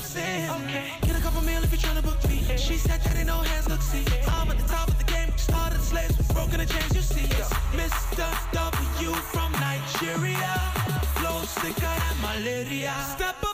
sin. Okay. Get a couple meal if you're trying to book me. She said that ain't no hands, look, see. I'm at the top of the game, started the slaves, broken the chains, you see. Mr. W from Nigeria, flow sicker than malaria. Step up.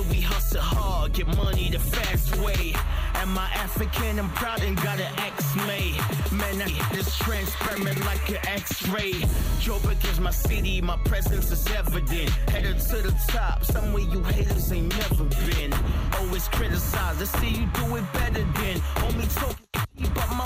where we hustle hard, get money the fast way. Am I African? I'm proud and got an X made. Man, I is transparent like an X-ray. Joburg is my city, my presence is evident. Headed to the top, somewhere you haters ain't never been. Always criticized, I see you do it better than Only talk.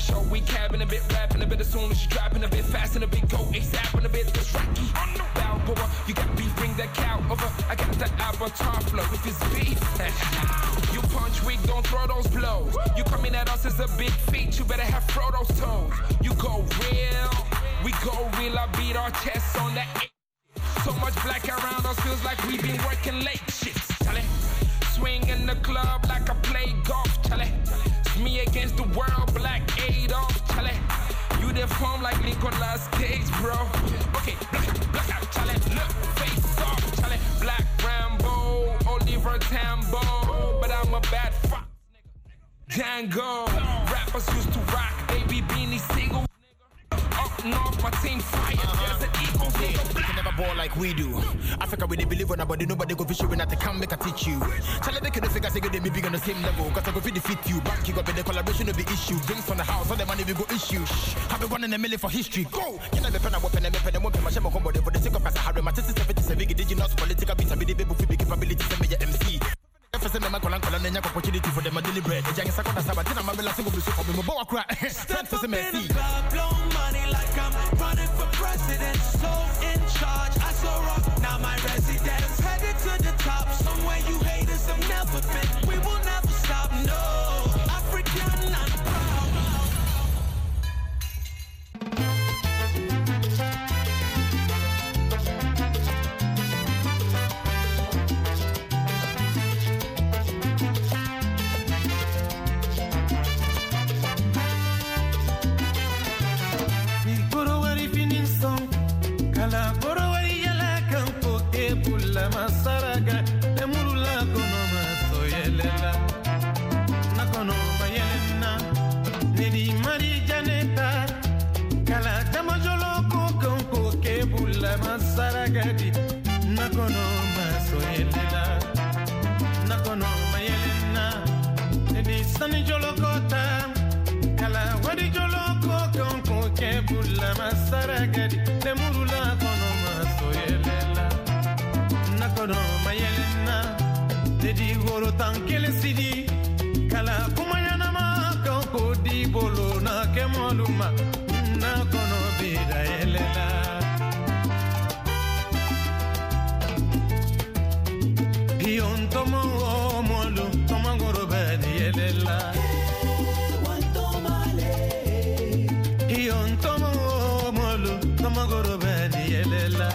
show. We cabbing a bit, rapping a bit as soon as she dropping a bit fast and a bit go ASAP and a bit just rocky. I'm you got beef, bring that cow over. I got that avatar flow. If it's beef, you punch weak, don't throw those blows. You coming at us as a big feat, you better have Frodo's toes. You go real, we go real. I beat our chests on that. So much black around us feels like we've been working late. Shit, Charlie. Swing in the club like I play golf, Charlie. It's me against the world their form like Nicolas Cage, bro. Okay, black, black out, challenge, look, face off, challenge, black Rambo, Oliver Tambo, but I'm a bad fox, Django. Rappers used to rock, baby beanie single. Up north, my team fire. Uh-huh ball like we do. Africa, we they believe on nobody, nobody go fish when I can make I teach you. Charlie, they couldn't figure say they may be on the same level. Cause I go feed defeat you. Back you up in collaboration of the issue. Drinks from the house, all the money we go issue. Shh, I've been running a million for history. Go! Can I be pen and weapon and weapon and weapon? My shame on combo, for the sake of my I my test is 77. Did you not political beats? I be the baby big capability, send me your MC first time I call and call and then opportunity for them to deliberate. The a sabat, I'm a single blue me, but I cry. Step up in the club, blow money like I'm running for president. So in charge, I so rock, now my residence. Headed to the top, somewhere you haters have never been. sidi kala kuma ɲanama kan ko di bolo na kɛ mɔlu ma na kɔnɔ bi dayɛlɛla biyon tɔmɔ o tɔmɔkɔrɔ bɛ yɛlɛla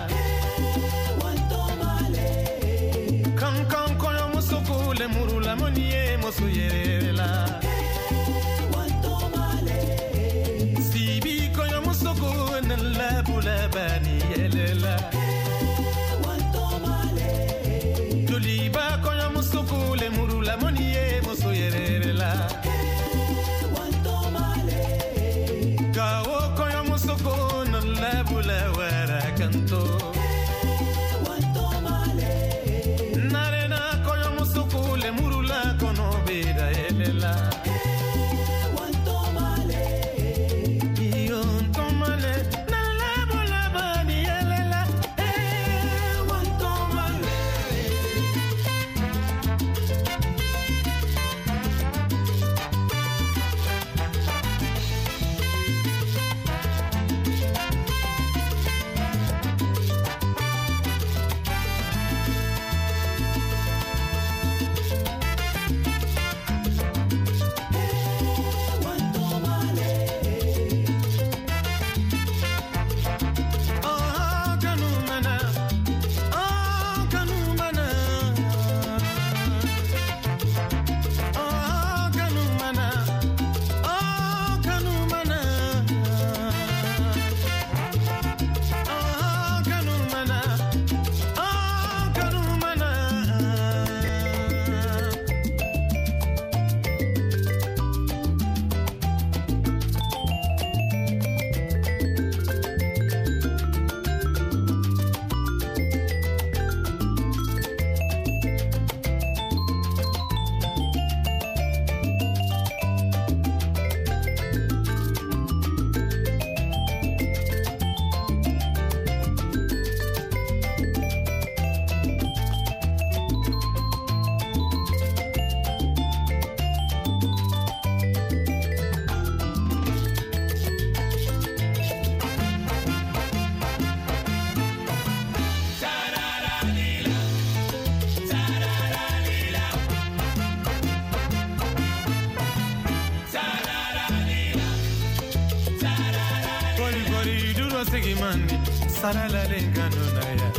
saralalegano na ya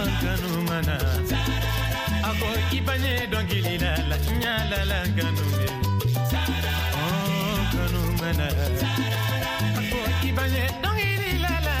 ankanu oh, mana ako dongili la la nyala la me oh, mana ako dongili la la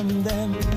from them.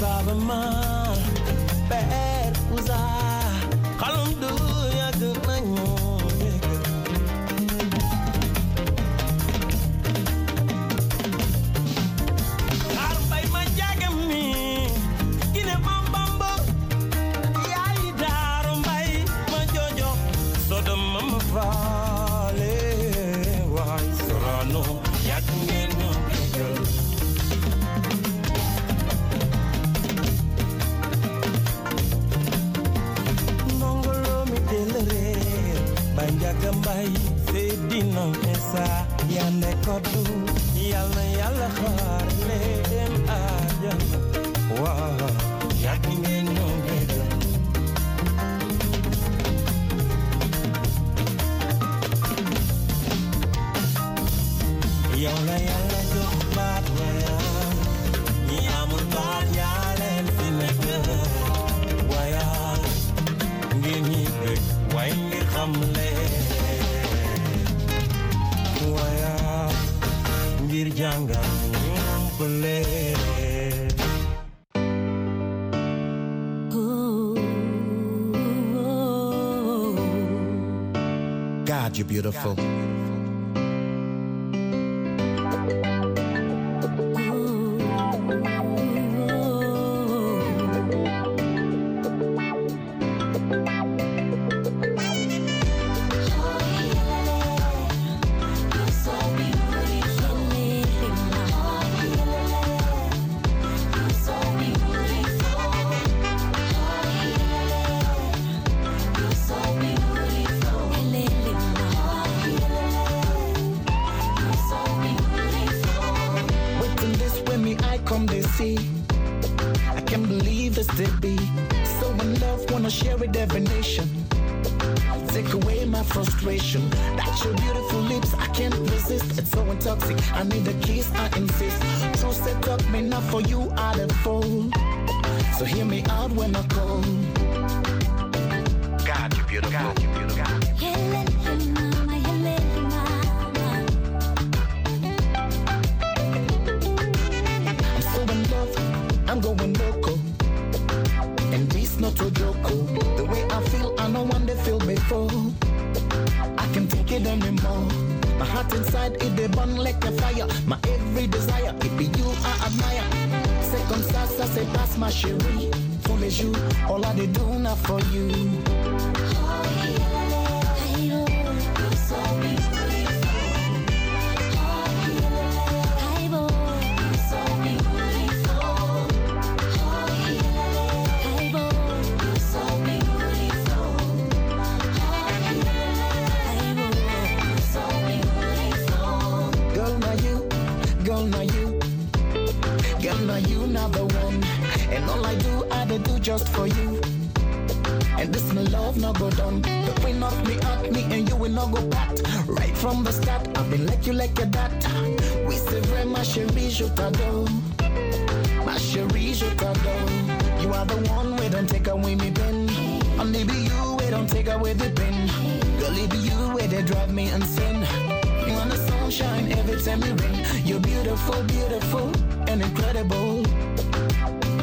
Baba Ma. you're beautiful. see. I can't believe this to be. So in love, wanna share it every nation. Take away my frustration. That's your beautiful lips, I can't resist. It's so intoxicating. I need a kiss, I insist. True set up me not for you, I the fool. So hear me out when I call. God, you beautiful. God, you heart inside, it they burn like a fire. My every desire, it be you I admire. C'est comme ça, ça se my ma chérie. Tous all I do now for you. Oh, yeah. just for you. And this my love no go done. The queen of me at me and you will not go back. Right from the start, I've been like you like a dat. We say very ma chérie, t'adore. Ma chérie, je t'adore. You are the one we don't take away me pen. Only be you we don't take away the pen. Girl, it be you where they drive me insane. You want the sunshine every time you rain. You're beautiful, beautiful and incredible.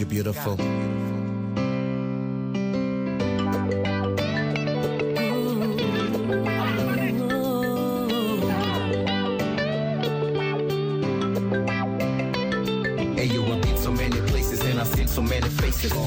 you're beautiful.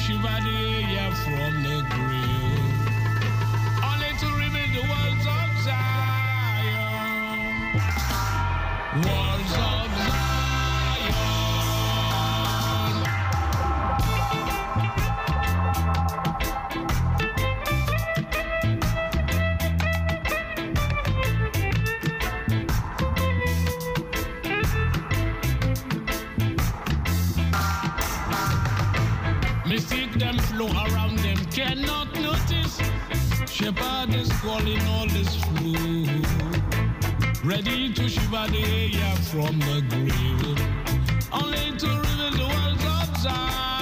Shivadeya from the grave. Only to rebuild the walls of Zion. around them cannot notice. Shepherd is calling all this flow. Ready to shiver the air from the grave. Only to reveal the world's observe.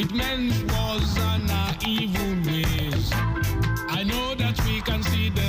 with men's wars and evil ways. I know that we can see the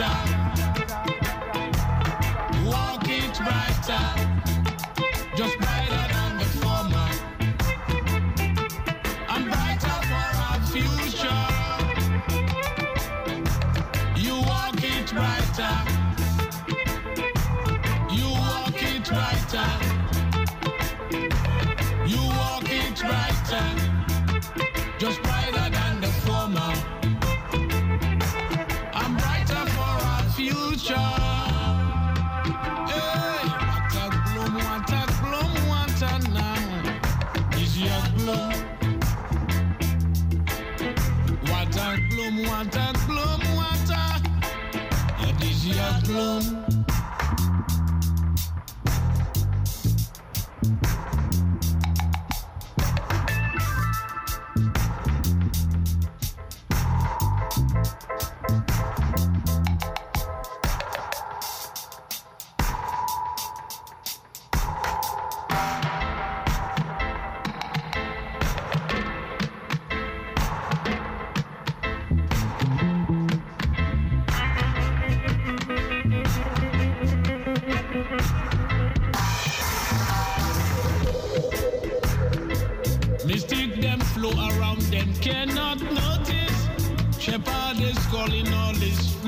right Walk it brighter. dream